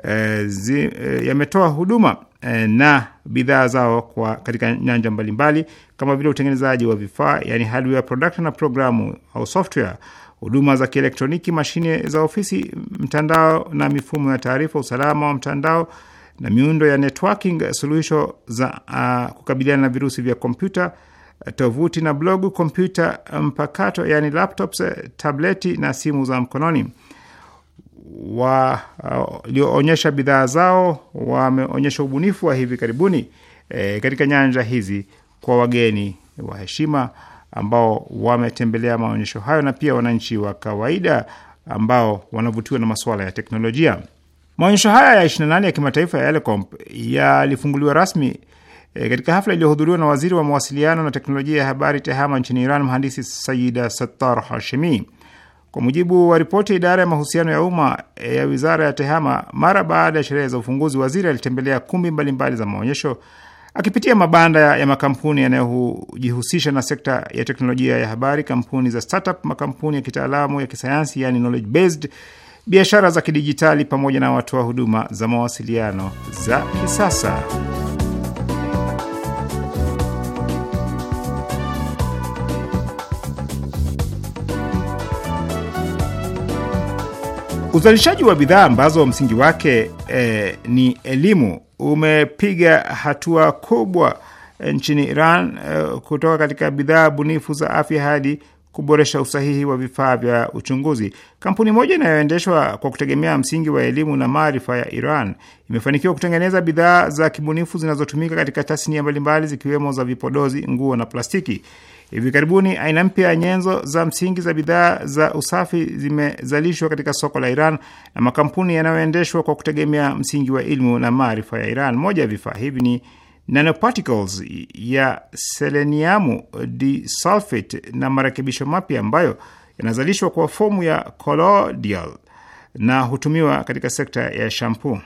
eh, zi, eh, yametoa huduma eh, na bidhaa zao kwa katika nyanja mbalimbali kama vile utengenezaji wa vifaa yani hardware product na programu au software, huduma za kielektroniki, mashine za ofisi, mtandao na mifumo ya taarifa, usalama wa mtandao na miundo ya networking, suluhisho za uh, kukabiliana na virusi vya kompyuta tovuti na blogu, kompyuta mpakato yani laptops, tableti na simu za mkononi. Walioonyesha uh, bidhaa zao wameonyesha ubunifu wa hivi karibuni e, katika nyanja hizi kwa wageni wa heshima ambao wametembelea maonyesho hayo na pia wananchi wa kawaida ambao wanavutiwa na masuala ya teknolojia. Maonyesho haya ya 28 ya kimataifa ya Elecomp yalifunguliwa rasmi E, katika hafla iliyohudhuriwa na waziri wa mawasiliano na teknolojia ya habari TEHAMA nchini Iran, mhandisi Sayida Sattar hashimi Kwa mujibu wa ripoti ya idara ya mahusiano ya umma e, ya wizara ya TEHAMA, mara baada ya sherehe za ufunguzi, waziri alitembelea kumbi mbalimbali za maonyesho akipitia mabanda ya makampuni yanayojihusisha na sekta ya teknolojia ya habari, kampuni za startup, makampuni ya kitaalamu ya kisayansi, yani knowledge based, biashara za kidijitali pamoja na watoa huduma za mawasiliano za kisasa. Uzalishaji wa bidhaa ambazo msingi wake e, ni elimu umepiga hatua kubwa eh, nchini Iran e, kutoka katika bidhaa bunifu za afya hadi kuboresha usahihi wa vifaa vya uchunguzi. Kampuni moja inayoendeshwa kwa kutegemea msingi wa elimu na maarifa ya Iran imefanikiwa kutengeneza bidhaa za kibunifu zinazotumika katika tasnia mbalimbali zikiwemo za vipodozi, nguo na plastiki. Hivi karibuni aina mpya ya nyenzo za msingi za bidhaa za usafi zimezalishwa katika soko la Iran na makampuni yanayoendeshwa kwa kutegemea msingi wa ilmu na maarifa ya Iran. Moja ya vifaa hivi ni nanoparticles ya seleniamu disulfate na marekebisho mapya ambayo yanazalishwa kwa fomu ya colloidal na hutumiwa katika sekta ya shampoo.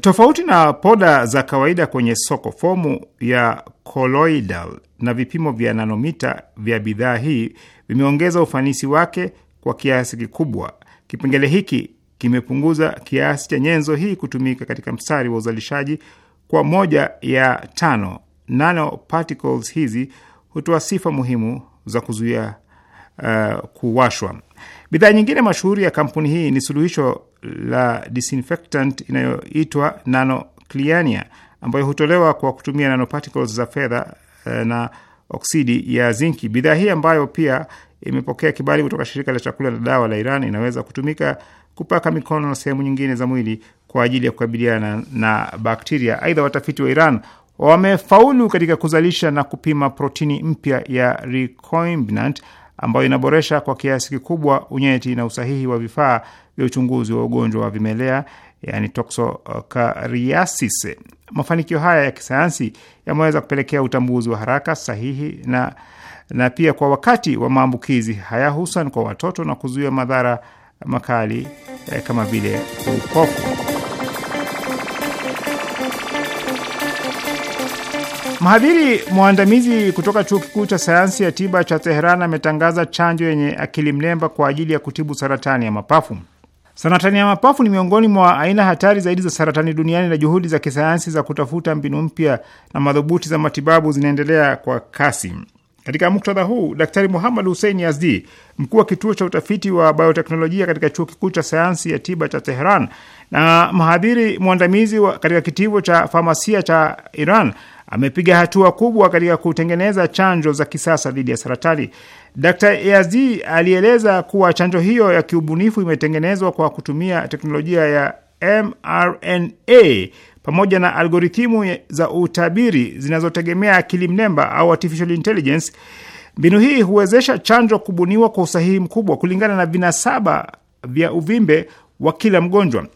Tofauti na poda za kawaida kwenye soko, fomu ya koloidal na vipimo vya nanomita vya bidhaa hii vimeongeza ufanisi wake kwa kiasi kikubwa. Kipengele hiki kimepunguza kiasi cha nyenzo hii kutumika katika mstari wa uzalishaji kwa moja ya tano. Nanoparticles hizi hutoa sifa muhimu za kuzuia uh, kuwashwa. Bidhaa nyingine mashuhuri ya kampuni hii ni suluhisho la disinfectant inayoitwa nanocliania ambayo hutolewa kwa kutumia nanoparticles za fedha eh, na oksidi ya zinki. Bidhaa hii ambayo pia imepokea kibali kutoka shirika la chakula na dawa la Iran inaweza kutumika kupaka mikono na sehemu nyingine za mwili kwa ajili ya kukabiliana na bakteria. Aidha, watafiti wa Iran wamefaulu katika kuzalisha na kupima protini mpya ya recombinant ambayo inaboresha kwa kiasi kikubwa unyeti na usahihi wa vifaa vya uchunguzi wa ugonjwa wa vimelea yani toxocariasis. Mafanikio haya ya kisayansi yameweza kupelekea utambuzi wa haraka, sahihi na na pia kwa wakati wa maambukizi haya hususan kwa watoto na kuzuia madhara makali eh, kama vile upofu. Mhadhiri mwandamizi kutoka chuo kikuu cha sayansi ya tiba cha Teheran ametangaza chanjo yenye akili mlemba kwa ajili ya kutibu saratani ya mapafu. Saratani ya mapafu ni miongoni mwa aina hatari zaidi za saratani duniani na juhudi za kisayansi za kutafuta mbinu mpya na madhubuti za matibabu zinaendelea kwa kasi. Katika muktadha huu, Daktari Muhammad Hussein Yazdi, mkuu wa kituo cha utafiti wa bioteknolojia katika chuo kikuu cha sayansi ya tiba cha Teheran na mhadhiri mwandamizi katika kitivo cha famasia cha Iran amepiga hatua kubwa katika kutengeneza chanjo za kisasa dhidi ya saratani. Dr Yazdi alieleza kuwa chanjo hiyo ya kiubunifu imetengenezwa kwa kutumia teknolojia ya mRNA pamoja na algorithimu za utabiri zinazotegemea akili mnemba au artificial intelligence. Mbinu hii huwezesha chanjo kubuniwa kwa usahihi mkubwa kulingana na vinasaba vya uvimbe wa kila mgonjwa.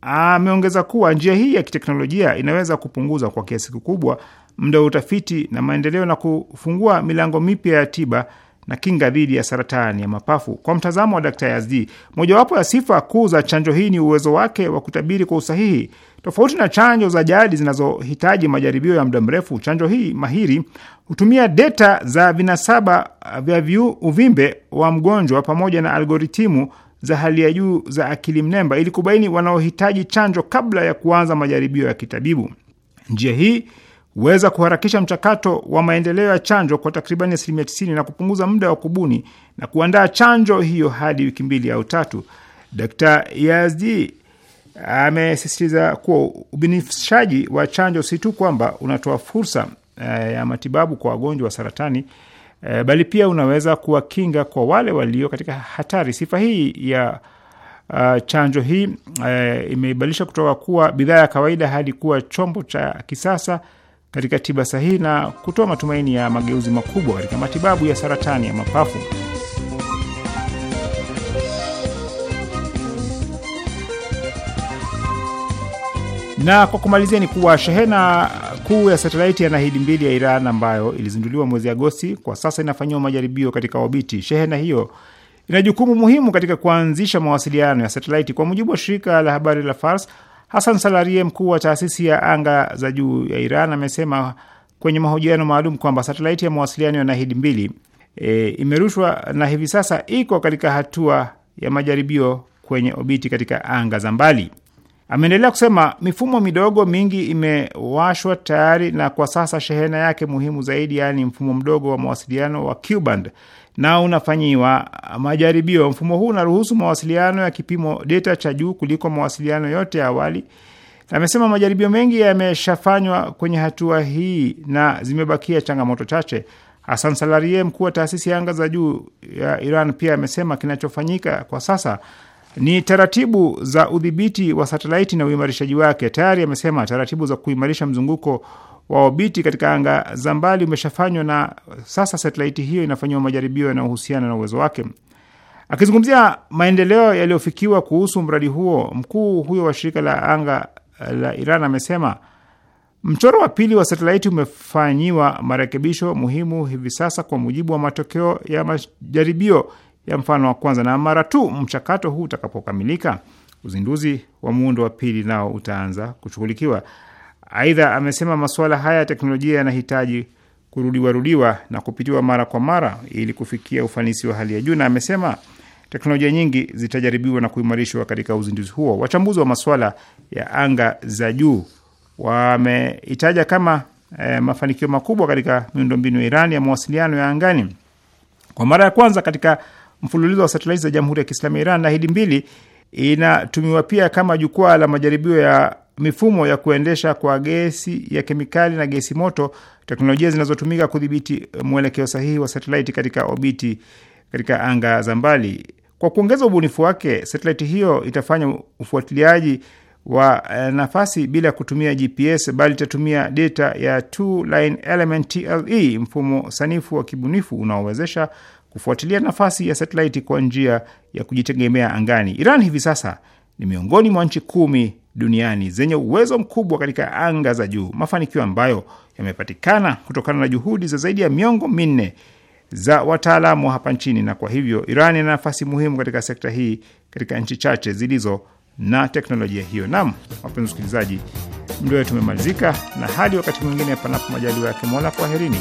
Ameongeza kuwa njia hii ya kiteknolojia inaweza kupunguza kwa kiasi kikubwa muda wa utafiti na maendeleo na kufungua milango mipya ya tiba na kinga dhidi ya saratani ya mapafu. Kwa mtazamo wa Dkt. Yazdi, mojawapo ya sifa kuu za chanjo hii ni uwezo wake wa kutabiri kwa usahihi. Tofauti na chanjo za jadi zinazohitaji majaribio ya muda mrefu, chanjo hii mahiri hutumia deta za vinasaba vya uvimbe wa mgonjwa pamoja na algoritimu za hali ya juu za akili mnemba ili kubaini wanaohitaji chanjo kabla ya kuanza majaribio ya kitabibu. Njia hii huweza kuharakisha mchakato wa maendeleo ya chanjo kwa takribani asilimia tisini na kupunguza muda wa kubuni na kuandaa chanjo hiyo hadi wiki mbili au tatu. Dr Yazdi amesisitiza kuwa ubinifishaji wa chanjo si tu kwamba unatoa fursa eh, ya matibabu kwa wagonjwa wa saratani eh, bali pia unaweza kuwakinga kwa wale walio katika hatari. Sifa hii ya uh, chanjo hii uh, imeibadilisha kutoka kuwa bidhaa ya kawaida hadi kuwa chombo cha kisasa katika tiba sahihi na kutoa matumaini ya mageuzi makubwa katika matibabu ya saratani ya mapafu. Na kwa kumalizia ni kuwa shehena kuu ya satelaiti ya Nahidi mbili ya Iran ambayo ilizinduliwa mwezi Agosti kwa sasa inafanyiwa majaribio katika obiti. Shehena hiyo ina jukumu muhimu katika kuanzisha mawasiliano ya satelaiti. Kwa mujibu wa shirika la habari la Fars, Hasan Salarie, mkuu wa taasisi ya anga za juu ya Iran, amesema kwenye mahojiano maalum kwamba satelaiti ya mawasiliano ya Nahidi mbili e, imerushwa na hivi sasa iko katika hatua ya majaribio kwenye obiti katika anga za mbali. Ameendelea kusema mifumo midogo mingi imewashwa tayari na kwa sasa shehena yake muhimu zaidi, yaani mfumo mdogo wa mawasiliano wa Q-band na unafanyiwa majaribio. Mfumo huu unaruhusu mawasiliano ya kipimo data cha juu kuliko mawasiliano yote ya awali. Amesema majaribio mengi yameshafanywa kwenye hatua hii na zimebakia changamoto chache. Hasan Salarie, mkuu wa taasisi ya anga za juu ya Iran, pia amesema kinachofanyika kwa sasa ni taratibu za udhibiti wa satelaiti na uimarishaji wake. Tayari amesema taratibu za kuimarisha mzunguko waobiti katika anga za mbali umeshafanywa na sasa satelaiti hiyo inafanyiwa majaribio yanayohusiana na uwezo wake. Akizungumzia maendeleo yaliyofikiwa kuhusu mradi huo, mkuu huyo wa shirika la anga la Iran amesema mchoro wa pili wa satelaiti umefanyiwa marekebisho muhimu hivi sasa kwa mujibu wa matokeo ya majaribio ya mfano wa kwanza, na mara tu mchakato huu utakapokamilika, uzinduzi wa muundo wa pili nao utaanza kushughulikiwa. Aidha, amesema masuala haya ya teknolojia yanahitaji kurudiwarudiwa na kupitiwa mara kwa mara ili kufikia ufanisi wa hali ya juu, na amesema teknolojia nyingi zitajaribiwa na kuimarishwa katika uzinduzi huo. Wachambuzi wa masuala ya anga za juu wameitaja kama eh, mafanikio makubwa katika miundombinu ya Iran ya mawasiliano ya angani. Kwa mara ya kwanza katika mfululizo wa satelaiti za Jamhuri ya Kiislamu ya Iran, Nahidi mbili inatumiwa pia kama jukwaa la majaribio ya mifumo ya kuendesha kwa gesi ya kemikali na gesi moto, teknolojia zinazotumika kudhibiti eh, mwelekeo sahihi wa satelaiti katika obiti katika anga za mbali. Kwa kuongeza ubunifu wake, satelaiti hiyo itafanya ufuatiliaji wa eh, nafasi bila kutumia GPS bali itatumia data ya two line element TLE, mfumo sanifu wa kibunifu unaowezesha kufuatilia nafasi ya satelaiti kwa njia ya kujitegemea angani. Iran hivi sasa ni miongoni mwa nchi kumi duniani zenye uwezo mkubwa katika anga za juu, mafanikio ambayo yamepatikana kutokana na juhudi za zaidi ya miongo minne za wataalamu hapa nchini, na kwa hivyo Iran ina nafasi muhimu katika sekta hii katika nchi chache zilizo na teknolojia hiyo. Nam, wapenzi wasikilizaji, mda wetu umemalizika, na hadi wakati mwingine, panapo majaliwa yake Mola, kwaherini.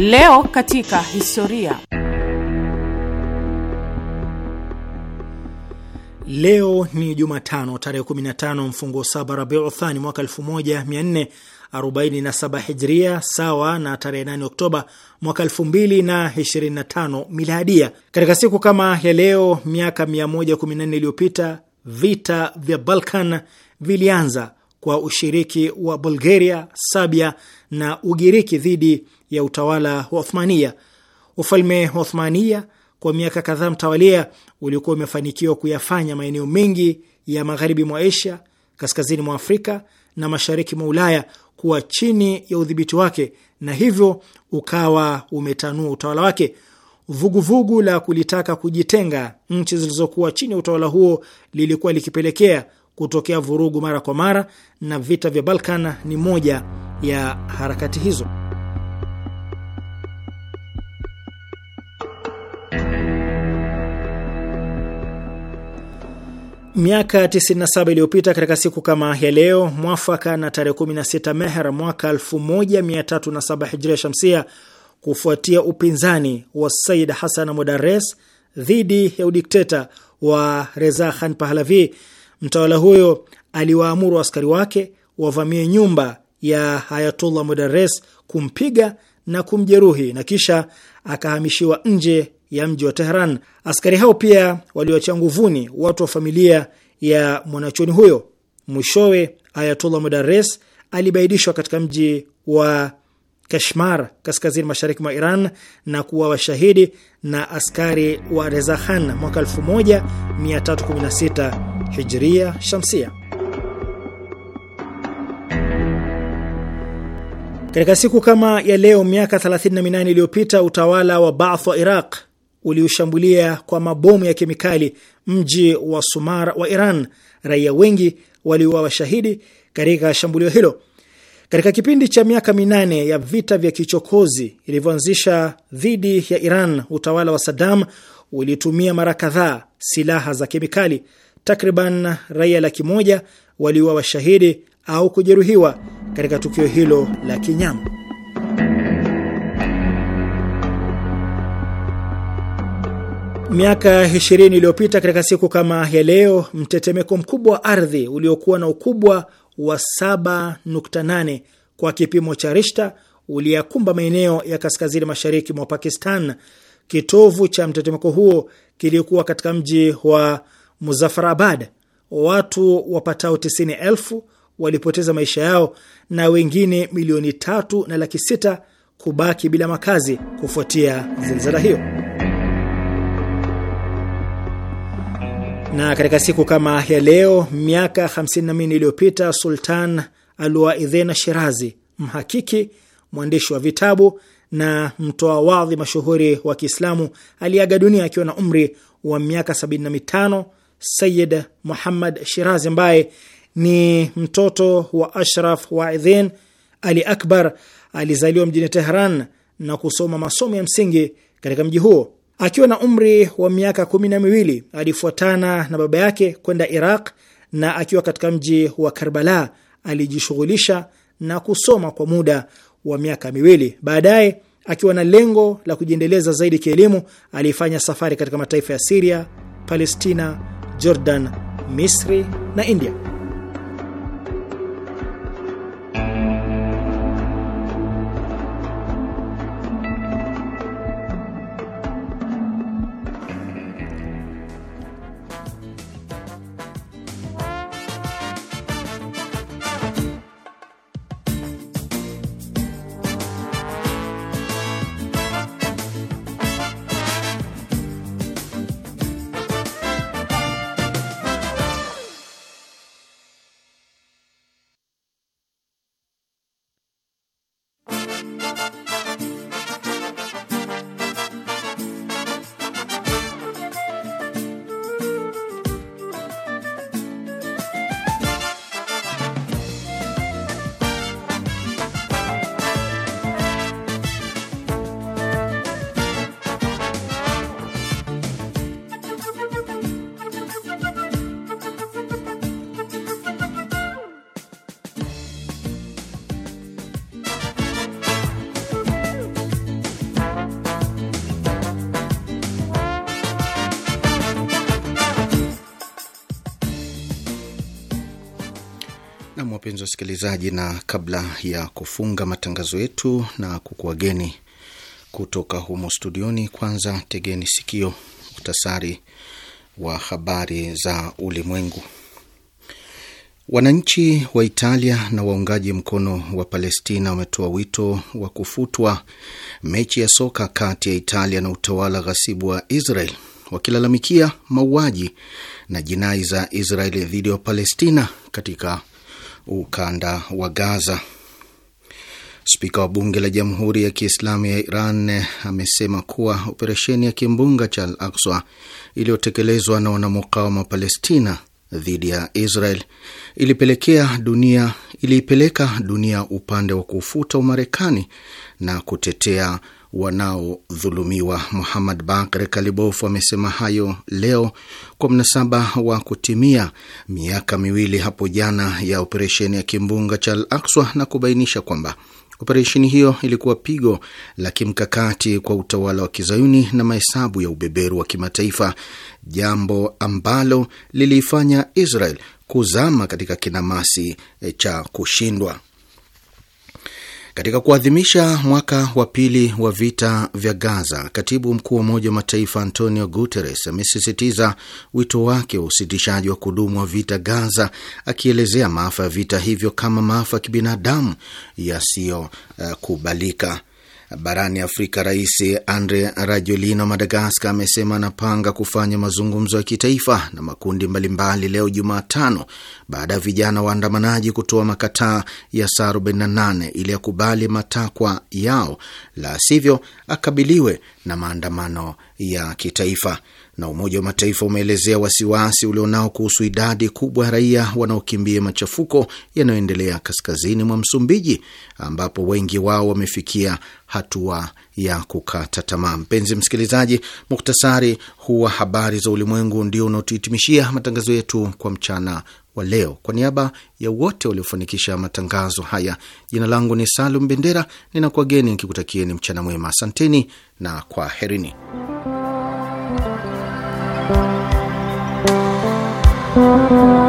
Leo katika historia. Leo ni Jumatano tarehe 15 mfungo saba Rabiu Thani mwaka 1447 Hijria, sawa na tarehe 8 Oktoba mwaka 2025 Miladia. Katika siku kama ya leo miaka 114 iliyopita vita vya Balkan vilianza kwa ushiriki wa Bulgaria, Sabia na Ugiriki dhidi ya utawala wa Othmania. Ufalme wa Othmania kwa miaka kadhaa mtawalia ulikuwa umefanikiwa kuyafanya maeneo mengi ya magharibi mwa Asia, kaskazini mwa Afrika na mashariki mwa Ulaya kuwa chini ya udhibiti wake na hivyo ukawa umetanua utawala wake. Vuguvugu vugu la kulitaka kujitenga nchi zilizokuwa chini ya utawala huo lilikuwa likipelekea kutokea vurugu mara kwa mara na vita vya Balkan ni moja ya harakati hizo. Miaka 97 iliyopita katika siku kama ya leo, mwafaka na tarehe 16 Meher mwaka 1307 Hijria Shamsia, kufuatia upinzani wa Said Hasan Modarres dhidi ya udikteta wa Reza Khan Pahlavi Mtawala huyo aliwaamuru askari wake wavamie nyumba ya Hayatullah Mudares, kumpiga na kumjeruhi na kisha akahamishiwa nje ya mji wa Tehran. Askari hao pia waliwatia nguvuni watu wa familia ya mwanachuoni huyo. Mwishowe Ayatullah Mudares alibaidishwa katika mji wa Kashmar kaskazini mashariki mwa Iran na kuwa washahidi na askari wa Reza Khan mwaka 1316 hijria shamsia. Katika siku kama ya leo miaka 38 iliyopita utawala wa Baath wa Iraq uliushambulia kwa mabomu ya kemikali mji wa Sumar wa Iran. Raia wengi waliuawa shahidi katika shambulio hilo. Katika kipindi cha miaka minane ya vita vya kichokozi ilivyoanzisha dhidi ya Iran, utawala wa Saddam ulitumia mara kadhaa silaha za kemikali takriban raia laki moja waliuawa washahidi au kujeruhiwa katika tukio hilo la kinyama. Miaka 20 iliyopita katika siku kama ya leo, mtetemeko mkubwa wa ardhi uliokuwa na ukubwa wa 7.8 kwa kipimo cha Richter uliyakumba maeneo ya kaskazini mashariki mwa Pakistan. Kitovu cha mtetemeko huo kilikuwa katika mji wa Muzafarabad, watu wapatao tisini elfu walipoteza maisha yao na wengine milioni tatu na laki sita kubaki bila makazi kufuatia zilzala hiyo. Na katika siku kama ya leo miaka 54 iliyopita Sultan Alwaidhena Shirazi, mhakiki, mwandishi wa vitabu na mtoa wadhi mashuhuri wa Kiislamu aliaga dunia akiwa na umri wa miaka 75 Sayid Muhammad Shirazi ambaye ni mtoto wa Ashraf Waidhin Ali Akbar. Alizaliwa mjini Tehran na kusoma masomo ya msingi katika mji huo. Akiwa na umri wa miaka kumi na miwili alifuatana na baba yake kwenda Iraq, na akiwa katika mji wa Karbala alijishughulisha na kusoma kwa muda wa miaka miwili. Baadaye, akiwa na lengo la kujiendeleza zaidi kielimu, alifanya safari katika mataifa ya Siria, Palestina Jordan, Misri, dan India. msikilizaji, na kabla ya kufunga matangazo yetu na kukuwageni kutoka humo studioni, kwanza tegeni sikio muhtasari wa habari za ulimwengu. Wananchi wa Italia na waungaji mkono wa Palestina wametoa wito wa kufutwa mechi ya soka kati ya Italia na utawala ghasibu wa Israel, wakilalamikia mauaji na jinai za Israel dhidi ya Palestina katika ukanda wa Gaza. Spika wa bunge la Jamhuri ya Kiislamu ya Iran amesema kuwa operesheni ya kimbunga cha Al Akswa iliyotekelezwa na wanamukawama wa Palestina dhidi ya Israel ilipelekea dunia iliipeleka dunia upande wa kufuta umarekani na kutetea wanaodhulumiwa. muhamad Bakr Kalibof amesema hayo leo kwa mnasaba wa kutimia miaka miwili hapo jana ya operesheni ya kimbunga cha Al Akswa na kubainisha kwamba operesheni hiyo ilikuwa pigo la kimkakati kwa utawala wa kizayuni na mahesabu ya ubeberu wa kimataifa, jambo ambalo liliifanya Israel kuzama katika kinamasi cha kushindwa. Katika kuadhimisha mwaka wa pili wa vita vya Gaza, katibu mkuu wa Umoja wa Mataifa Antonio Guterres amesisitiza wito wake wa usitishaji wa kudumu wa vita Gaza, akielezea maafa ya vita hivyo kama maafa ya kibinadamu yasiyokubalika. Uh, barani Afrika, Rais Andre rajolino wa Madagaskar amesema anapanga kufanya mazungumzo ya kitaifa na makundi mbalimbali mbali leo Jumatano, baada ya vijana waandamanaji kutoa makataa ya saa 48 ili yakubali matakwa yao, la sivyo akabiliwe na maandamano ya kitaifa na Umoja wa Mataifa umeelezea wasiwasi ulionao kuhusu idadi kubwa ya raia wanaokimbia machafuko yanayoendelea kaskazini mwa Msumbiji, ambapo wengi wao wamefikia hatua ya kukata tamaa. Mpenzi msikilizaji, muktasari huwa habari za ulimwengu ndio unaotuhitimishia matangazo yetu kwa mchana wa leo. Kwa niaba ya wote waliofanikisha matangazo haya, jina langu ni Salum Bendera, ninakuageni nikikutakieni mchana mwema. Asanteni na kwaherini. Thank you.